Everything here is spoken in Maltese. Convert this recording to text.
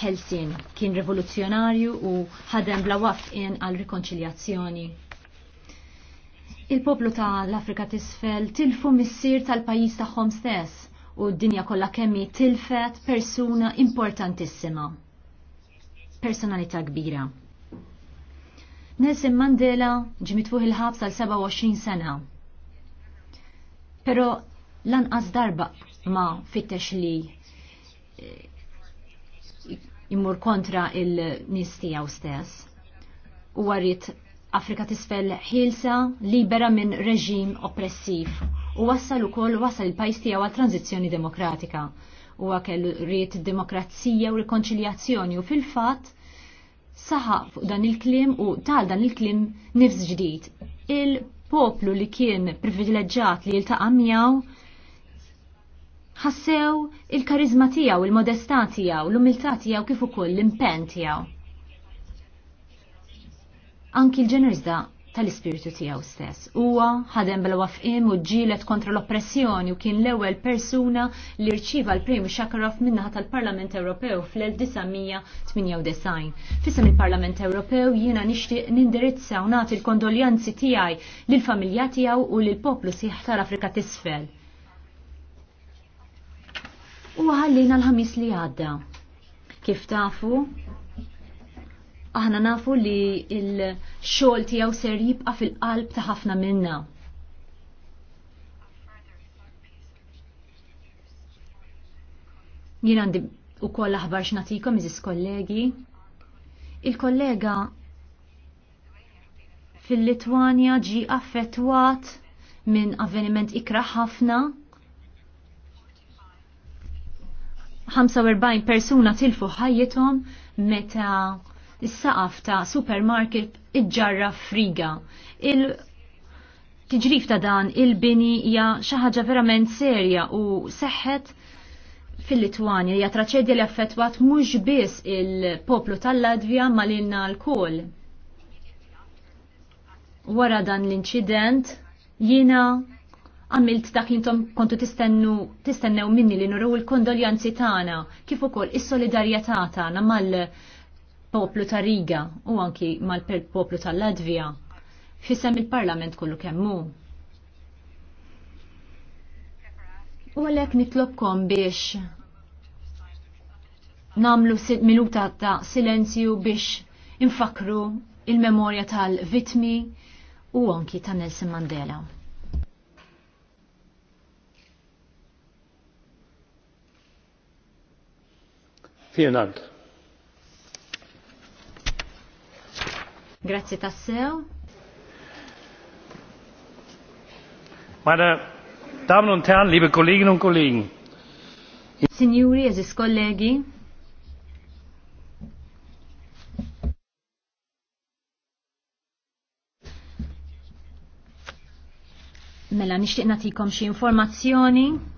Helsin kien rivoluzzjonarju u ħadem bla waqfin għal rikonċiljazzjoni. Il-poplu tal-Afrika tisfel tilfu missir tal-pajis tagħhom stess u d-dinja kollha kemmi tilfet persuna importantissima. Personalità kbira. Nelson Mandela ġimit fuq il-ħabs għal 27 sena. Pero lanqas darba ma fittex li eh, jimmur kontra il-nis tijaw stess. U għarrit Afrika tisfel ħilsa libera minn reġim oppressiv u wassal u koll wassal il-pajs tijaw għal tranzizjoni demokratika u għakellu rrit demokrazija u rikonċiljazzjoni u fil-fat saħa fuq dan il-klim u tal dan il-klim nifs ġdid. Il-poplu li kien privileġġat li jiltaqa' miegħu ħassew il-karizma tiegħu, il-modestà tiegħu, l-umiltà tiegħu kif ukoll l-impenn tiegħu. Anki l-ġenerżda tal-ispiritu tiegħu stess. Huwa ħadem bil-wafqim u ġilet kontra l-oppressjoni u kien l-ewwel persuna li rċiva l-Premju Shakarov minnaħa tal-Parlament Ewropew fl-1998. Fissam il-Parlament Ewropew jiena nixtieq nindirizza u nagħti l-kondoljanzi tiegħi lill-familja tiegħu u lill-poplu siħtar afrika t'isfel u ħallina l-ħamis li għadda. Kif tafu? Aħna nafu li il-xol tijaw ser jibqa fil-qalb ta' ħafna minna. Jien għandi u koll aħbar xnatikom, iżis kollegi. Il-kollega fil-Litwanja ġi affettwat minn avveniment ikra ħafna 45 persuna tilfu ħajjithom meta s-saqaf ta' supermarket iġġarra friga. Il tiġrif ta' dan il-bini hija xi ħaġa verament serja u seħħet fil-Litwanja hija traċedja li affettwat mhux biss il-poplu tal ladvja ma lilna l-kol. Wara dan l-inċident jiena għamilt dak jintom intom kontu tistennu tistennew minni li nuru l-kondoljanzi tagħna kif ukoll is-solidarjetà tagħna mal-poplu ta' Riga u anki mal-poplu tal-Latvija fissem il-Parlament kollu kemmu. U għalhekk nitlobkom biex namlu minuta ta' silenzju biex infakru il-memorja tal-vitmi u anki ta' Nelson Mandela. Vielen Grazie Tasseo. Meine Damen und Herren, liebe Kolleginnen und Kollegen. Signori, e colleghi. Mela nixtieq nagħtikom xi informazzjoni